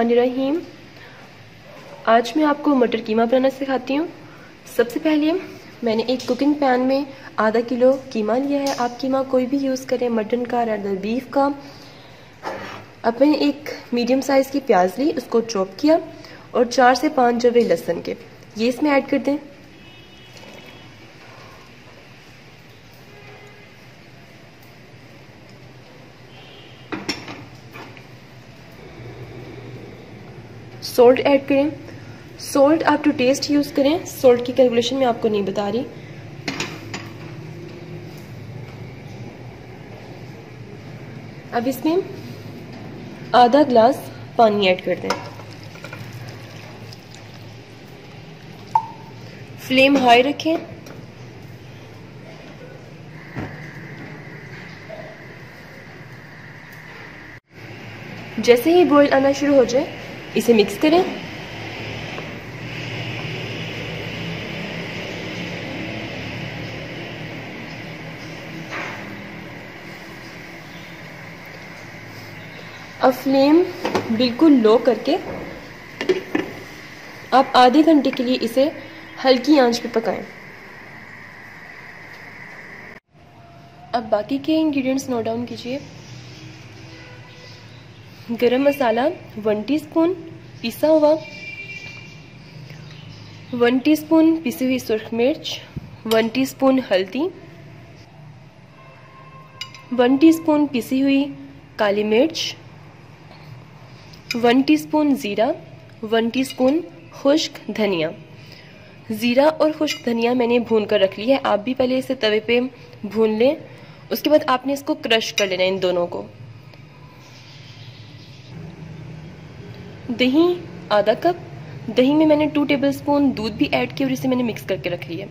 रहीम आज मैं आपको मटर कीमा बनाना सिखाती हूँ सबसे पहले मैंने एक कुकिंग पैन में आधा किलो कीमा लिया है आप कीमा कोई भी यूज़ करें मटन का रेडर बीफ का अब मैंने एक मीडियम साइज़ की प्याज ली उसको चॉप किया और चार से पाँच जवे लहसन के ये इसमें ऐड कर दें सोल्ट ऐड करें सोल्ट आप टू टेस्ट यूज़ करें सोल्ट की कैलकुलेशन मैं आपको नहीं बता रही अब इसमें आधा ग्लास पानी ऐड कर दें फ्लेम हाई रखें जैसे ही बॉईल आना शुरू हो जाए इसे मिक्स करें अब फ्लेम बिल्कुल लो करके आप आधे घंटे के लिए इसे हल्की आंच पे पकाएं। अब बाकी के इंग्रेडिएंट्स नोट डाउन कीजिए गरम मसाला वन टीस्पून पिसा हुआ वन टीस्पून पिसी हुई सुर्ख मिर्च वन टीस्पून हल्दी वन टीस्पून पिसी हुई काली मिर्च वन टीस्पून ज़ीरा वन टीस्पून खुश्क धनिया ज़ीरा और खुश्क धनिया मैंने भून कर रख ली है आप भी पहले इसे तवे पे भून लें उसके बाद आपने इसको क्रश कर लेना इन दोनों को दही आधा कप दही में मैंने टू टेबल स्पून दूध भी ऐड किया और इसे मैंने मिक्स करके रख लिया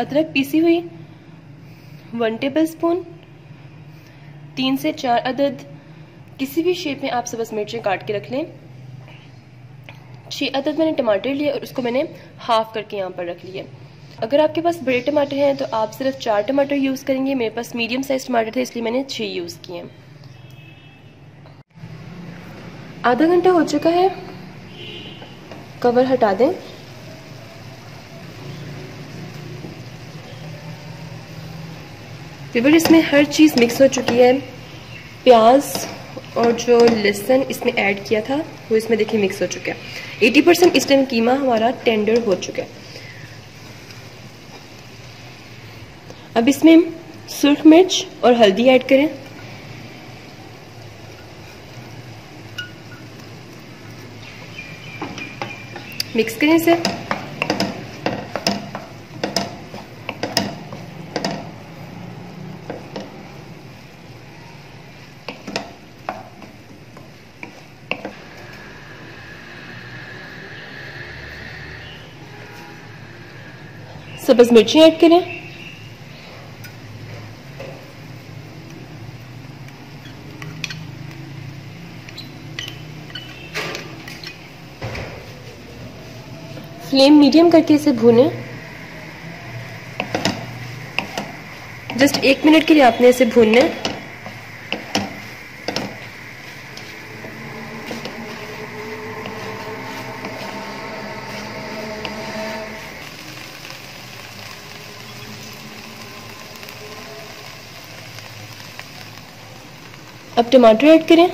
अदरक पीसी हुई वन टेबल स्पून तीन से चार अदद किसी भी शेप में आप सबस मिर्चें काट के रख लें छह अदद मैंने टमाटर लिए और उसको मैंने हाफ करके यहाँ पर रख लिया अगर आपके पास बड़े टमाटर हैं तो आप सिर्फ चार टमाटर यूज़ करेंगे मेरे पास मीडियम साइज टमाटर थे इसलिए मैंने छह यूज़ किए हैं आधा घंटा हो चुका है कवर हटा दें फिर इसमें हर चीज़ मिक्स हो चुकी है प्याज और जो लहसन इसमें ऐड किया था वो इसमें देखिए मिक्स हो चुका है 80 परसेंट इस टाइम कीमा हमारा टेंडर हो चुका है अब इसमें सुरख मिर्च और हल्दी ऐड करें मिक्स करें इसे सब्ज मिर्ची ऐड करें फ्लेम मीडियम करके इसे भूनें जस्ट एक मिनट के लिए आपने इसे भूनना है अब टमाटर ऐड करें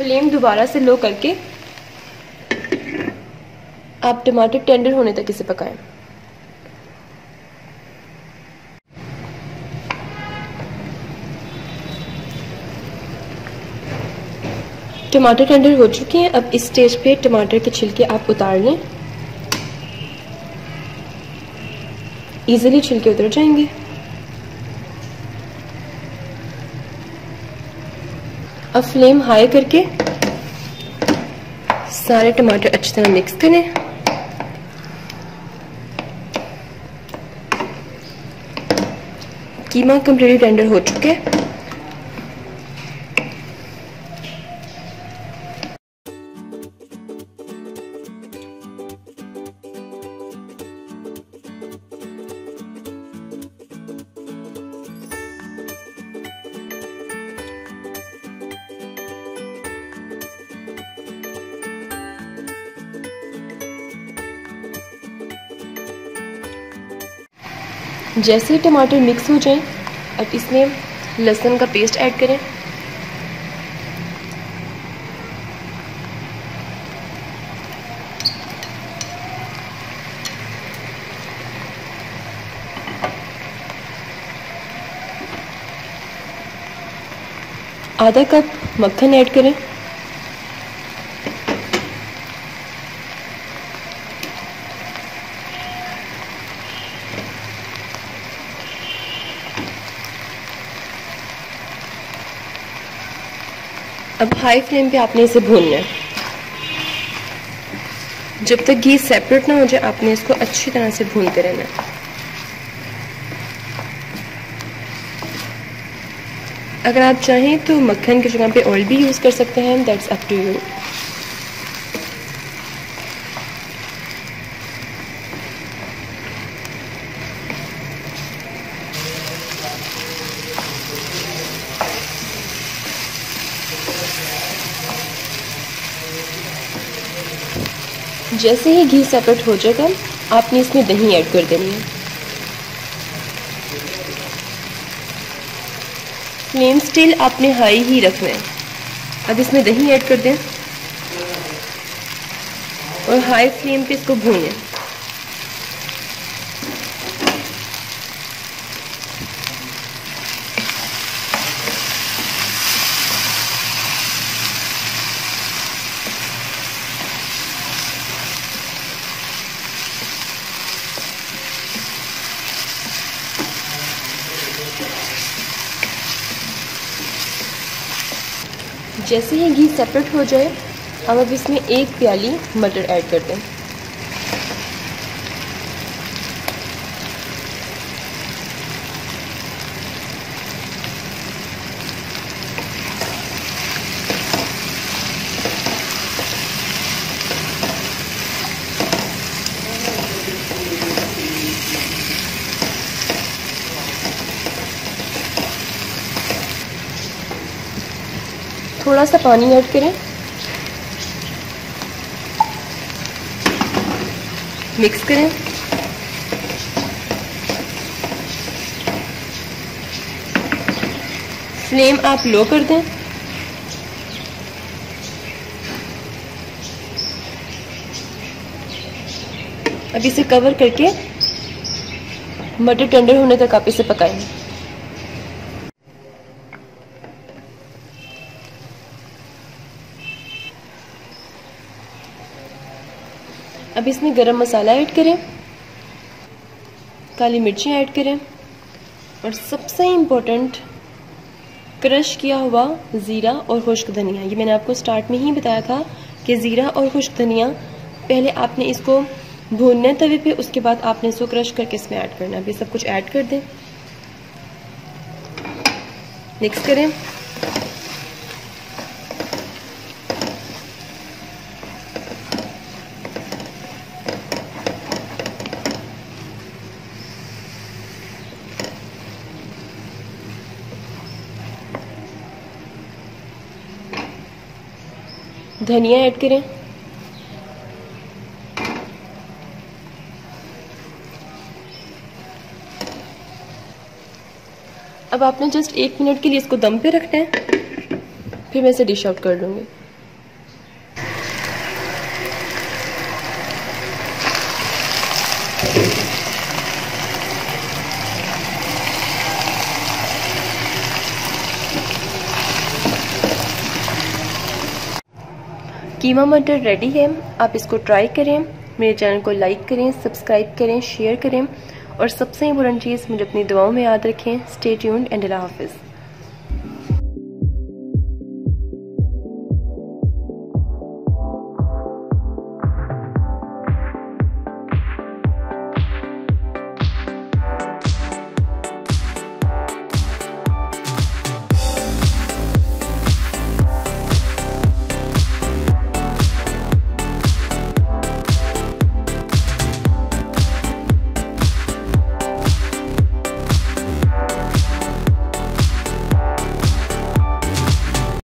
फ्लेम दोबारा से लो करके आप टमाटर टेंडर होने तक इसे पकाएं टमाटर टेंडर हो चुके हैं अब इस स्टेज पे टमाटर के छिलके आप उतार लें इजीली छिलके उतर जाएंगे अब फ्लेम हाई करके सारे टमाटर अच्छी तरह मिक्स करें कीमा कंप्लीटली टेंडर हो चुके हैं जैसे ही टमाटर मिक्स हो जाए अब इसमें लहसुन का पेस्ट ऐड करें आधा कप मक्खन ऐड करें अब हाई फ्लेम पे आपने इसे भूनना है जब तक घी सेपरेट ना हो जाए आपने इसको अच्छी तरह से भूनते रहना है अगर आप चाहें तो मक्खन की जगह पे ऑयल भी यूज़ कर सकते हैं दैट्स अप टू यू जैसे ही घी सेपरेट हो जाएगा आपने इसमें दही ऐड कर देनी है फ्लेम स्टिल आपने हाई ही रखना है अब इसमें दही ऐड कर दें और हाई फ्लेम पे इसको भूनें जैसे ही घी सेपरेट हो जाए हम अब इसमें एक प्याली मटर ऐड कर दें थोड़ा सा पानी ऐड करें मिक्स करें फ्लेम आप लो कर दें अब इसे कवर करके मटर टेंडर होने तक आप इसे पकाएंगे अब इसमें गरम मसाला ऐड करें काली मिर्चें ऐड करें और सबसे इम्पोर्टेंट क्रश किया हुआ ज़ीरा और खुश्क धनिया ये मैंने आपको स्टार्ट में ही बताया था कि ज़ीरा और खुश्क धनिया पहले आपने इसको भूनना है तवे पे उसके बाद आपने इसको क्रश करके इसमें ऐड करना है सब कुछ ऐड कर दें मिक्स करें धनिया ऐड करें अब आपने जस्ट एक मिनट के लिए इसको दम पे रखना है फिर मैं इसे डिश आउट कर लूँगी कीमा मटर रेडी है आप इसको ट्राई करें मेरे चैनल को लाइक करें सब्सक्राइब करें शेयर करें और सबसे इम्पोर्टेंट चीज़ मुझे अपनी दुआओं में याद रखें स्टे ट्यून्ड एंड अल्लाह हाफिज़